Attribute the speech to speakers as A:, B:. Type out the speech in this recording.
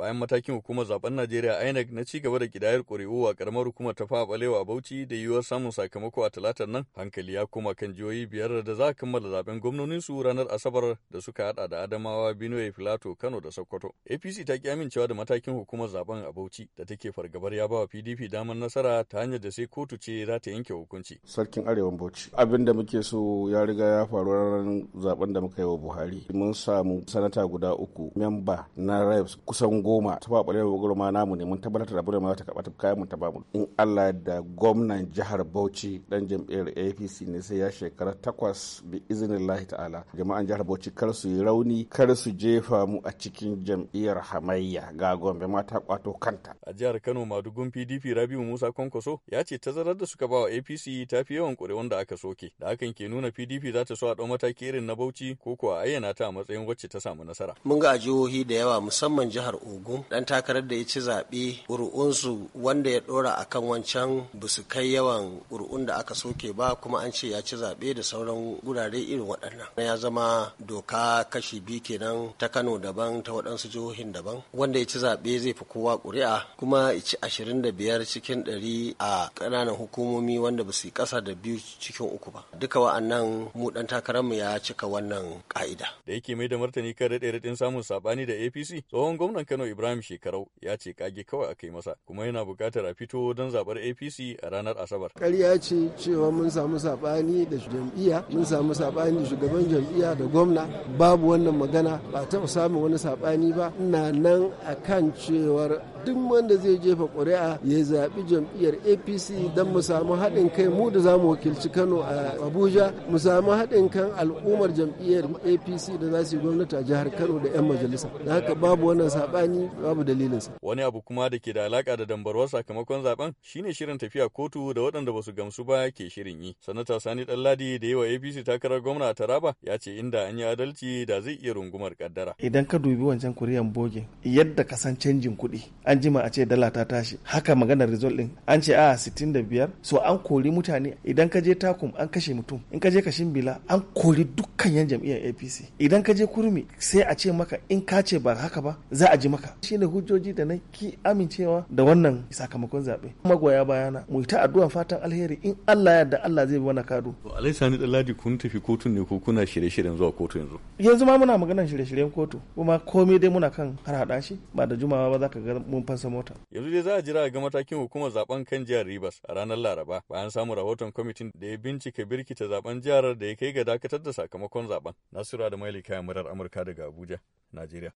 A: bayan matakin hukumar zaben Najeriya INEC na ci gaba da kidayar ƙuri'u a karamar hukumar ta Balewa a Bauchi da yiwuwar samun sakamako a talatar nan hankali ya koma kan jihohi biyar da za a kammala zaben gwamnonin su ranar Asabar da suka hada da Adamawa, Benue, Filato, Kano da Sokoto. APC ta ki amincewa da matakin hukumar zaben a Bauchi da take fargabar ya bawa PDP damar nasara ta hanyar da sai kotu ce za ta yanke hukunci.
B: Sarkin Arewan Bauchi abin da muke so ya riga ya faru ranar zaben da muka yi wa Buhari. Mun samu sanata guda uku memba na REPs kusan goma ta ba ɓarewa ma namu ne mun tabbatar da ma ta karɓa kayan mu ta ba mu in Allah da gwamnan jihar Bauchi dan jam'iyyar APC ne sai ya shekara takwas bi iznillahi ta'ala jama'an jihar Bauchi kar su yi rauni kar su jefa mu a cikin jam'iyyar hamayya ga Gombe ma ta kwato kanta
A: a jihar Kano madugun PDP Rabiu Musa Kwankwaso ya ce tazarar da suka ba wa APC ta fi yawan ƙuri'un da aka soke da hakan ke nuna PDP za ta so a ɗau mataki irin na Bauchi ko kuwa ayyana ta a matsayin wacce ta samu nasara
C: mun ga a jihohi da yawa musamman jihar Ogun ogun dan takarar da ya ci zaɓe ƙuri'unsu wanda ya ɗora a kan wancan ba su kai yawan ƙuri'un da aka soke ba kuma an ce ya ci zaɓe da sauran gurare irin waɗannan ya zama doka kashi biyu kenan ta kano daban ta waɗansu jihohin daban wanda ya ci zaɓe zai fi kowa ƙuri'a kuma ci ashirin da biyar cikin ɗari a ƙananan hukumomi wanda ba su yi ƙasa da biyu cikin uku ba duka wa'annan mu ɗan mu ya cika
A: wannan ƙa'ida da yake mai da martani kan raɗe-raɗin samun saɓani da apc tsohon gwamnan kano Ibrahim Shekarau ya ce kage kawai aka yi masa kuma yana buƙatar a fito don zaɓar APC a ranar Asabar.
D: Ƙarya ce cewa mun samu saɓani da jam'iyya, mun samu saɓani da shugaban jam'iyya da gwamna babu wannan magana ba taɓa samun wani saɓani ba. Ina nan akan cewar duk wanda zai jefa ƙuri'a ya zaɓi jam'iyyar apc don mu samu haɗin kai mu da za mu wakilci kano a abuja mu samu haɗin kan al'ummar jam'iyyar apc da za su yi gwamnati a jihar kano da 'yan majalisa da haka babu wannan saɓani babu dalilinsa
A: wani abu kuma da ke da alaƙa da dambarwar sakamakon zaben shine shirin tafiya kotu da waɗanda ba su gamsu ba ke shirin yi sanata sani ɗanladi da yawa apc takarar gwamna a taraba ya ce inda an yi adalci da zai iya rungumar kaddara
E: idan ka dubi wancan kuriyan bogin yadda ka san canjin kuɗi an jima a ce dala ta tashi haka maganar result din an ce ah, a 65 so an kori mutane idan ka je takum an kashe mutum in ka je kashin bila an kori dukkan yan jam'iyyar apc idan ka je kurmi sai a ce maka in ka ce ba haka ba za a ji maka ne hujjoji da na ki amincewa da wannan sakamakon zaɓe magoya bayana mu ta addu'an fatan alheri in Allah ya da Allah zai bi mana kado to
A: alai sani dalladi kun tafi kotun ne ko kuna shirye-shiryen zuwa kotu yanzu
E: yanzu ma muna maganar shirye-shiryen kotu kuma komai dai muna kan har shi ba da jumawa ba za ka ga mu mota.
A: Yanzu dai za a jira ga matakin hukumar zaben kan jihar Rivers a ranar Laraba bayan samun rahoton kwamitin da ya bincika birkita zaben jihar da ya kai ga dakatar da sakamakon zaben. nasiru da Maili kayan murar Amurka daga Abuja, Najeriya.